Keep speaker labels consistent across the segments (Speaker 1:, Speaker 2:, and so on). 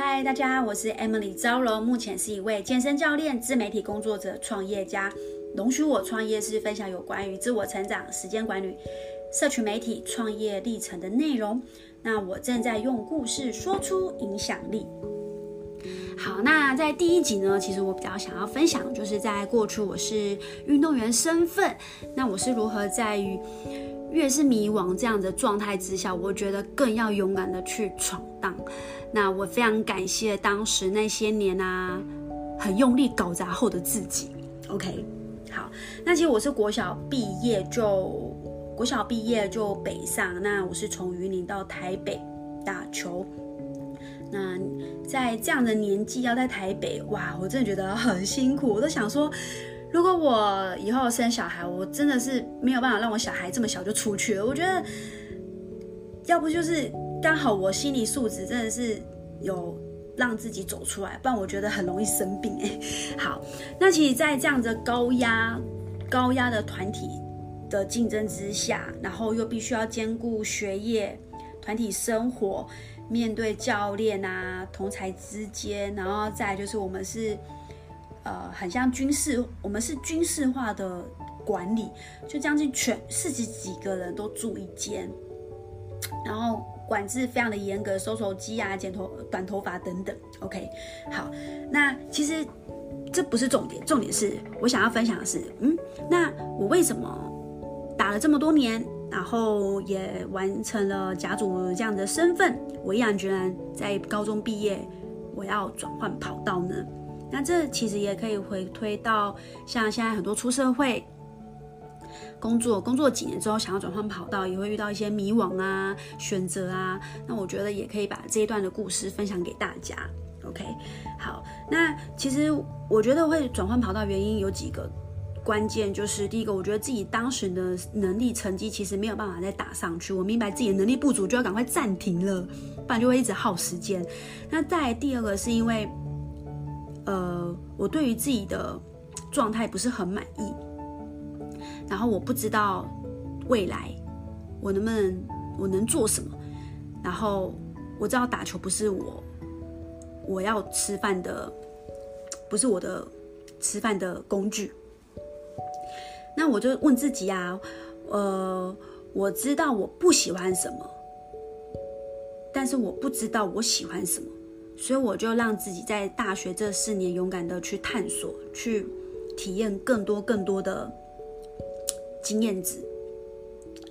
Speaker 1: 嗨，Hi, 大家，我是 Emily 招榮，目前是一位健身教練、自媒體工作者、創業家。容許，我創業是分享有關於自我成長、時間管理、社群媒體、創業歷程的內容。那我正在用故事說出影響力。好，那在第一集呢，其實我比較想要分享，就是在過去我是運動員身份，那我是如何在於。越是迷惘這樣的狀態之下，我覺得更要勇敢的去闖蕩。那我非常感謝當時那些年啊，很用力搞砸後的自己。OK，好，那其實我是國小畢業就國小畢業就北上，那我是從雲林到台北打球。那在這樣的年紀要在台北，哇，我真的覺得很辛苦。我都想說。如果我以後生小孩，我真的是沒有辦法讓我小孩這麼小就出去了。我覺得，要不就是剛好我心理素質真的是有讓自己走出來，不然我覺得很容易生病欸。好，那其實，在這樣的高壓、高壓的團體的競爭之下，然後又必須要兼顧學業、團體生活，面對教練啊、同儕之間，然後再來就是我們是。呃，很像軍事，我們是軍事化的管理，就將近全四十幾個人都住一間，然後管制非常的嚴格，收手機啊，剪頭短頭髮等等。OK，好，那其實這不是重點，重點是我想要分享的是，嗯，那我為什麼打了這麼多年，然後也完成了甲組這樣的身份，我毅然決然在高中畢業，我要轉換跑道呢？那這其實也可以回推到像現在很多出社會工作，工作幾年之後想要轉換跑道，也會遇到一些迷惘啊、選擇啊。那我覺得也可以把這一段的故事分享給大家。OK，好，那其實我覺得會轉換跑道原因有幾個關鍵，就是第一個，我覺得自己當時的能力成績其實沒有辦法再打上去，我明白自己的能力不足，就要趕快暫停了，不然就會一直耗時間。那再第二個是因為。呃，我對於自己的狀態不是很滿意，然後我不知道未來我能不能，我能做什麼。然後我知道打球不是我我要吃飯的，不是我的吃飯的工具。那我就問自己啊，呃，我知道我不喜歡什麼，但是我不知道我喜歡什麼。所以我就讓自己在大學這四年勇敢的去探索，去體驗更多更多的經驗值。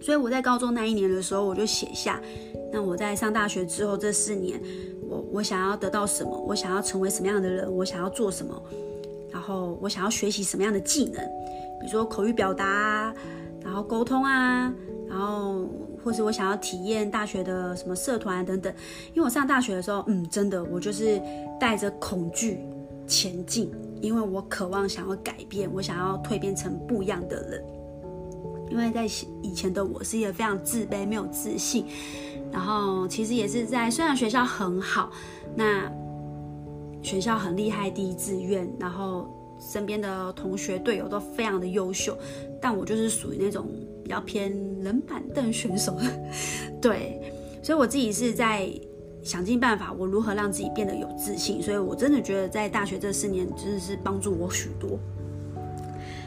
Speaker 1: 所以我在高中那一年的時候，我就寫下，那我在上大學之後這四年，我我想要得到什麼，我想要成為什麼樣的人，我想要做什麼，然後我想要學習什麼樣的技能，比如說口語表達啊，然後溝通啊，然後。或是我想要體驗大學的什麼社團等等，因為我上大學的時候，嗯，真的我就是帶着恐懼前進，因為我渴望想要改變，我想要蛻變成不一樣的人，因為在以前的我是一個非常自卑、沒有自信，然後其實也是在，雖然學校很好，那學校很厲害，第一志願，然後身邊的同學隊友都非常的優秀，但我就是屬於那種。比較偏冷板凳選手，對，所以我自己是在想盡辦法，我如何讓自己變得有自信。所以我真的覺得，在大學這四年真的是幫助我許多。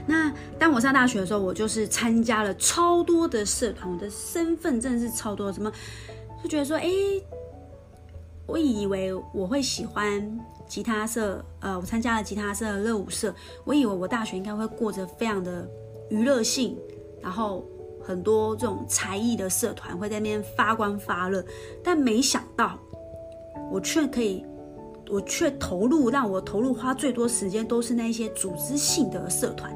Speaker 1: 那當我上大學的時候，我就是參加了超多的社團，我的身份真的是超多。什麼就覺得說，哎、欸，我以為我會喜歡吉他社，呃，我參加了吉他社、的熱舞社。我以為我大學應該會過着非常的娛樂性，然後。很多這種才藝的社團會在那邊發光發熱，但沒想到我卻可以，我卻投入，讓我投入花最多時間都是那些組織性的社團，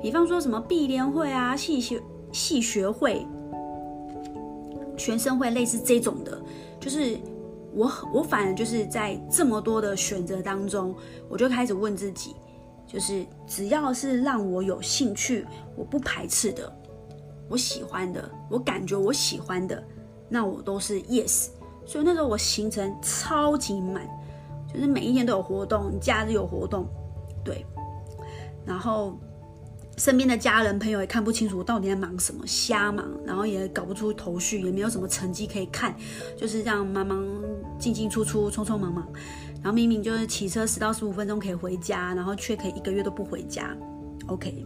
Speaker 1: 比方說什麼畢聯會啊、系學系學會、學生會類似這種的，就是我我反而就是在這麼多的選擇當中，我就開始問自己，就是只要是讓我有興趣，我不排斥的。我喜歡的，我感覺我喜歡的，那我都是 yes。所以那時候我行程超級滿，就是每一天都有活動，假日有活動，對。然後身邊的家人朋友也看不清楚我到底在忙什麼，瞎忙，然後也搞不出頭緒，也沒有什麼成績可以看，就是這樣忙忙進進出出，匆匆忙忙。然後明明就是騎車十到十五分鐘可以回家，然後卻可以一個月都不回家。OK。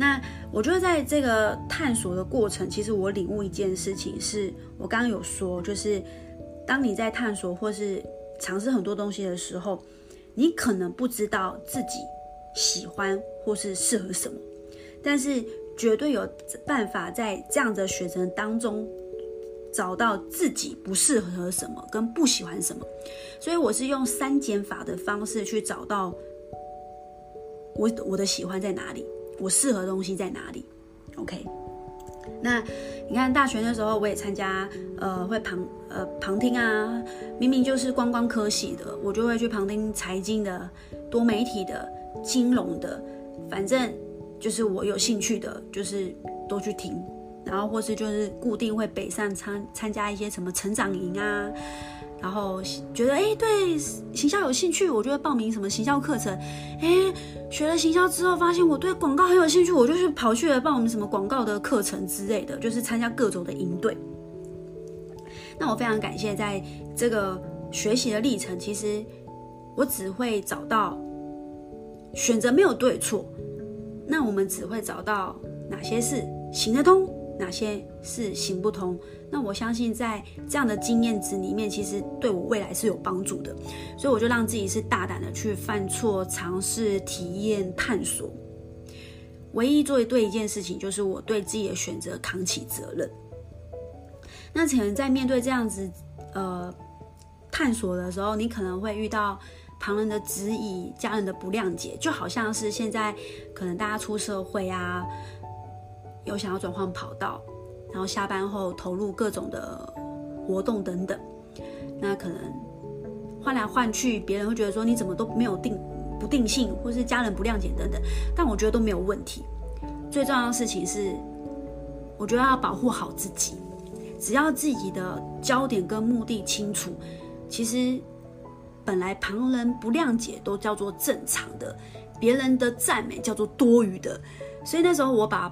Speaker 1: 那我覺得在這個探索的過程，其實我領悟一件事情是，我剛剛有說，就是當你在探索或是嘗試很多東西的時候，你可能不知道自己喜歡或是適合什麼，但是絕對有辦法在這樣的選擇當中找到自己不適合什麼跟不喜歡什麼，所以我是用三減法的方式去找到我我的喜歡在哪裡。我適合的東西在哪裡？OK，那你看大學的時候，我也參加，呃，會旁呃旁聽啊，明明就是觀光科系的，我就會去旁聽財經的、多媒體的、金融的，反正就是我有興趣的，就是都去聽，然後或是就是固定會北上參參加一些什麼成長營啊。然後覺得哎，對行銷有興趣，我就會報名什麼行銷課程。哎，學了行銷之後，發現我對廣告很有興趣，我就去跑去了報名什麼廣告的課程之類的，就是參加各種的營隊。那我非常感謝，在這個學習的歷程，其實我只會找到選擇沒有對錯，那我們只會找到哪些是行得通，哪些是行不通？那我相信在這樣的經驗值裡面，其實對我未來是有幫助的。所以我就讓自己是大膽的去犯錯、嘗試、體驗、探索。唯一做對一件事情，就是我對自己的選擇扛起責任。那可能在面對這樣子呃，探索的時候，你可能會遇到旁人的質疑、家人的不諒解，就好像是現在可能大家出社會啊。有想要轉換跑道，然後下班後投入各種的活動等等，那可能換來換去，別人會覺得說你怎麼都沒有定不定性，或是家人不諒解等等。但我覺得都沒有問題。最重要的事情是，我覺得要保護好自己。只要自己的焦點跟目的清楚，其實本來旁人不諒解都叫做正常的，別人的讚美叫做多餘的。所以那時候我把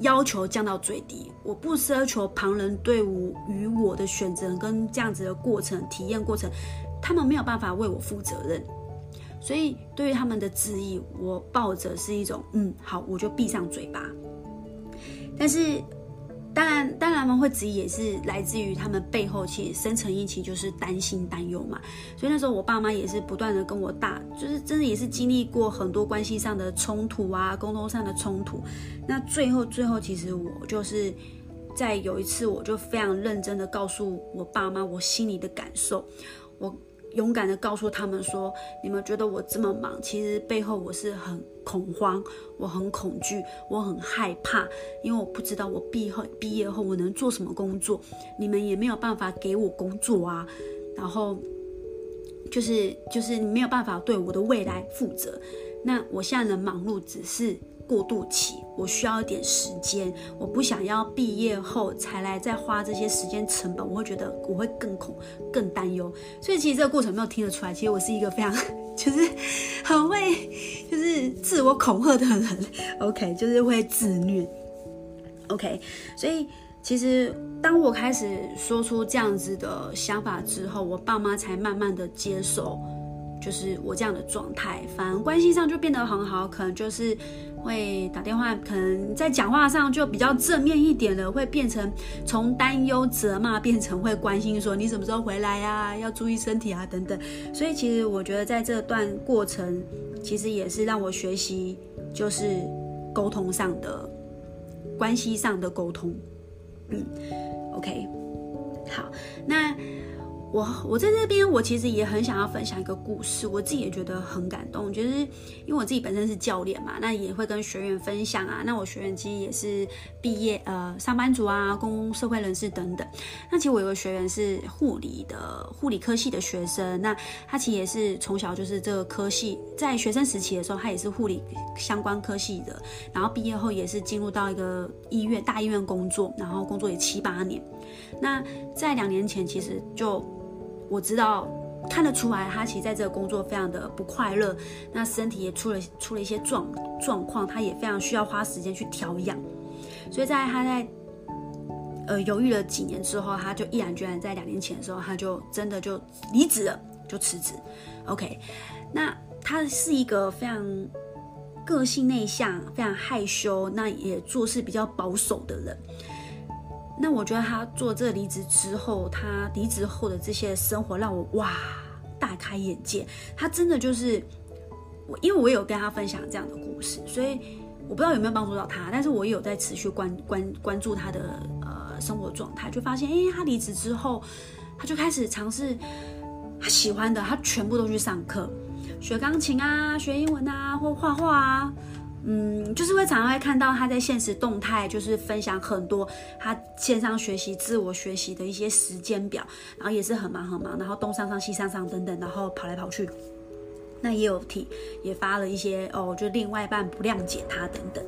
Speaker 1: 要求降到最低，我不奢求旁人對我與我的選擇跟這樣子的過程體驗過程，他們沒有辦法為我負責任，所以對於他們的質疑，我抱着是一種嗯好，我就閉上嘴巴，但是。當然，當然嘛，會質疑也是來自於他們背後其實深層一起，就是擔心、擔憂嘛。所以那時候我爸媽也是不斷的跟我大，就是真的也是經歷過很多關係上的衝突啊、溝通上的衝突。那最後最後，其實我就是在有一次我就非常認真的告訴我爸媽我心裡的感受，我，勇敢地告訴他們說：“你們覺得我這麼忙，其實背後我是很恐慌，我很恐懼，我很害怕，因為我不知道我畢業後畢業後我能做什麼工作，你們也沒有辦法給我工作啊，然後就是就是你沒有辦法對我的未來負責，那我現在的忙碌只是。”過渡期，我需要一點時間，我不想要畢業後才來再花這些時間成本，我會覺得我會更恐，更擔憂。所以其實這個過程沒有聽得出來，其實我是一個非常就是很會就是自我恐嚇的人，OK，就是會自虐，OK。所以其實當我開始說出這樣子的想法之後，我爸媽才慢慢的接受。就是我這樣的狀態，反而關係上就變得很好，可能就是會打電話，可能在講話上就比較正面一點了，會變成從擔憂責罵變成會關心，說你什麼時候回來呀，啊，要注意身體啊等等。所以其實我覺得在這段過程，其實也是讓我學習，就是溝通上的，關係上的溝通。嗯，OK，好，那。我我在這邊，我其實也很想要分享一個故事，我自己也覺得很感動。我覺得，因為我自己本身是教練嘛，那也會跟學員分享啊。那我學員其實也是畢業，呃，上班族啊、公社會人士等等。那其實我有個學員是護理的，護理科系的學生。那他其實也是從小就是這個科系，在學生時期的時候，他也是護理相關科系的。然後畢業後也是進入到一個醫院、大醫院工作，然後工作也七八年。那在兩年前，其實就。我知道看得出來，他其實在這個工作非常的不快樂，那身體也出了出了一些狀狀況，他也非常需要花時間去調養。所以在他在呃猶豫了幾年之後，他就毅然決然在兩年前的時候，他就真的就離職了，就辭職。OK，那他是一個非常個性內向、非常害羞，那也做事比較保守的人。那我覺得他做這離職之後，他離職後的這些生活讓我哇大開眼界。他真的就是，我因為我有跟他分享這樣的故事，所以我不知道有沒有幫助到他。但是我也有在持續關關關注他的呃生活狀態，就發現，哎、欸，他離職之後，他就開始嘗試他喜歡的，他全部都去上課，學鋼琴啊，學英文啊，或畫畫啊。嗯，就是會常常會看到他在限時動態，就是分享很多他線上學習、自我學習的一些時間表，然後也是很忙很忙，然後東上上西上上等等，然後跑來跑去。那也有提，也發了一些哦，就另外一半不諒解他等等。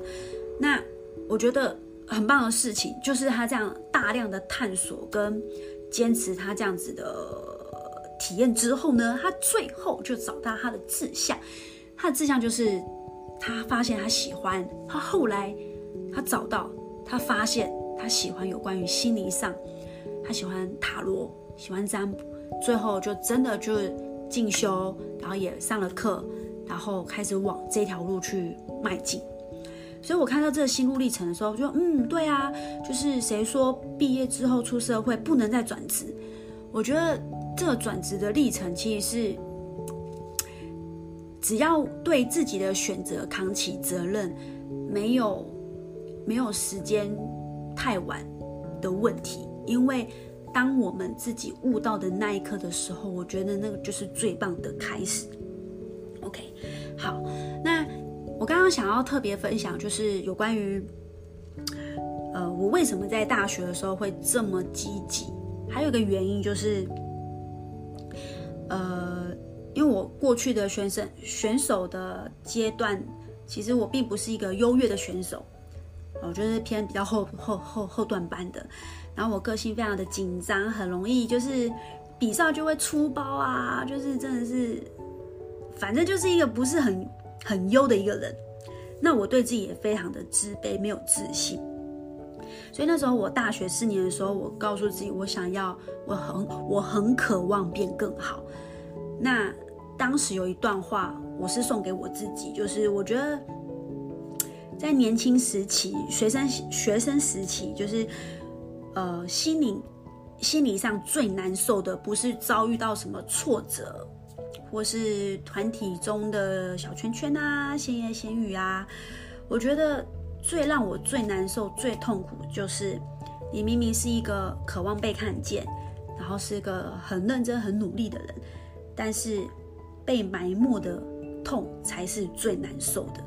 Speaker 1: 那我覺得很棒的事情就是他這樣大量的探索跟堅持，他這樣子的體驗之後呢，他最後就找到他的志向，他的志向就是。他發現他喜歡，他後來他找到，他發現他喜歡有關於心理上，他喜歡塔羅，喜歡占卜，最後就真的就進修，然後也上了課，然後開始往這條路去邁進。所以我看到這個心路歷程的時候，就嗯，對啊，就是誰說畢業之後出社會不能再轉職？我覺得這個轉職的歷程其實是。只要對自己的選擇扛起責任，沒有沒有時間太晚的問題。因為當我們自己悟到的那一刻的時候，我覺得那個就是最棒的開始。OK，好，那我剛剛想要特別分享，就是有關於呃，我為什麼在大學的時候會這麼積極？還有一個原因就是，呃。因為我過去的選手選手的階段，其實我並不是一個優越的選手，我就是偏比較後後後後段班的。然後我個性非常的緊張，很容易就是比賽就會出包啊，就是真的是，反正就是一個不是很很優的一個人。那我對自己也非常的自卑，沒有自信。所以那時候我大學四年的時候，我告訴自己，我想要，我很我很渴望變更好。那當時有一段話，我是送給我自己，就是我覺得在年輕時期，學生學生時期，就是呃心理心理上最難受的，不是遭遇到什麼挫折，或是團體中的小圈圈啊，閒言閒語啊。我覺得最讓我最難受、最痛苦，就是你明明是一個渴望被看見，然後是一個很認真、很努力的人，但是。被埋沒的痛才是最難受的，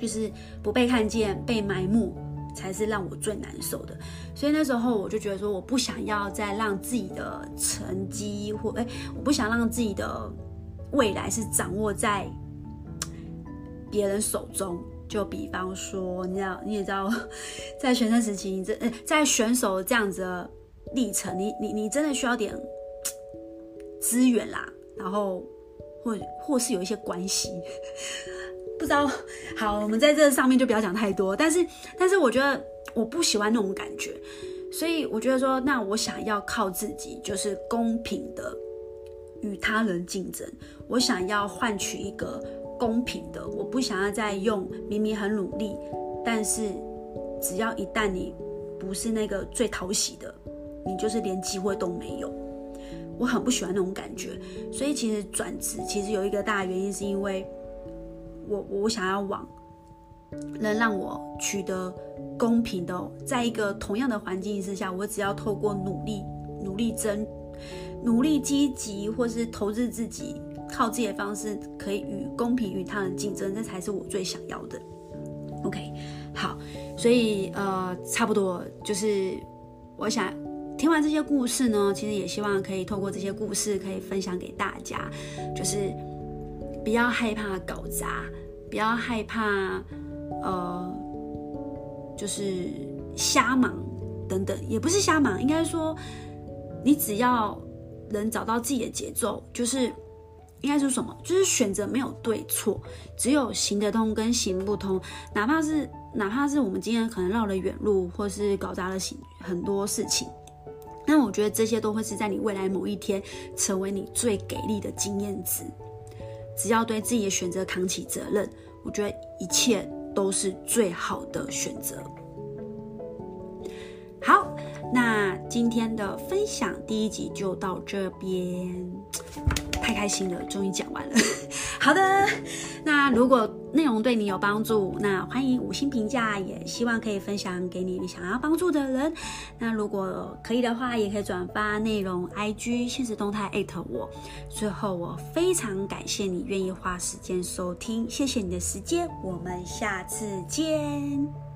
Speaker 1: 就是不被看見、被埋沒，才是讓我最難受的。所以那時候我就覺得說，我不想要再讓自己的成績或哎，我不想讓自己的未來是掌握在別人手中。就比方說，你要，你也知道，在學生時期，你這，呃，在選手這樣子的歷程，你你你真的需要點資源啦，然後。或或是有一些關係，不知道。好，我們在這上面就不要講太多。但是，但是我覺得我不喜歡那種感覺，所以我覺得說，那我想要靠自己，就是公平的與他人競爭。我想要換取一個公平的，我不想要再用明明很努力，但是只要一旦你不是那個最討喜的，你就是連機會都沒有。我很不喜歡那種感覺，所以其實轉職其實有一個大的原因，是因為我我想要往能讓我取得公平的，在一個同樣的環境之下，我只要透過努力、努力爭、努力積極，或是投資自己，靠自己的方式可以與公平與他人競爭，這才是我最想要的。OK，好，所以呃，差不多就是我想。聽完這些故事呢，其實也希望可以透過這些故事可以分享給大家，就是不要害怕搞砸，不要害怕，呃，就是瞎忙等等，也不是瞎忙，應該說，你只要能找到自己的節奏，就是應該說什麼？就是選擇沒有對錯，只有行得通跟行不通。哪怕是哪怕是我們今天可能繞了遠路，或是搞砸了行很多事情。那我覺得這些都會是在你未來某一天成為你最給力的經驗值。只要對自己的選擇扛起責任，我覺得一切都是最好的選擇。好。那今天的分享第一集就到這邊，太開心了，終於講完了。 好的，那如果內容對你有幫助，那歡迎五星評價，也希望可以分享給你你想要幫助的人。那如果可以的話，也可以轉發內容，IG 限時動態@我。最後，我非常感謝你願意花時間收聽，謝謝你的時間，我們下次見。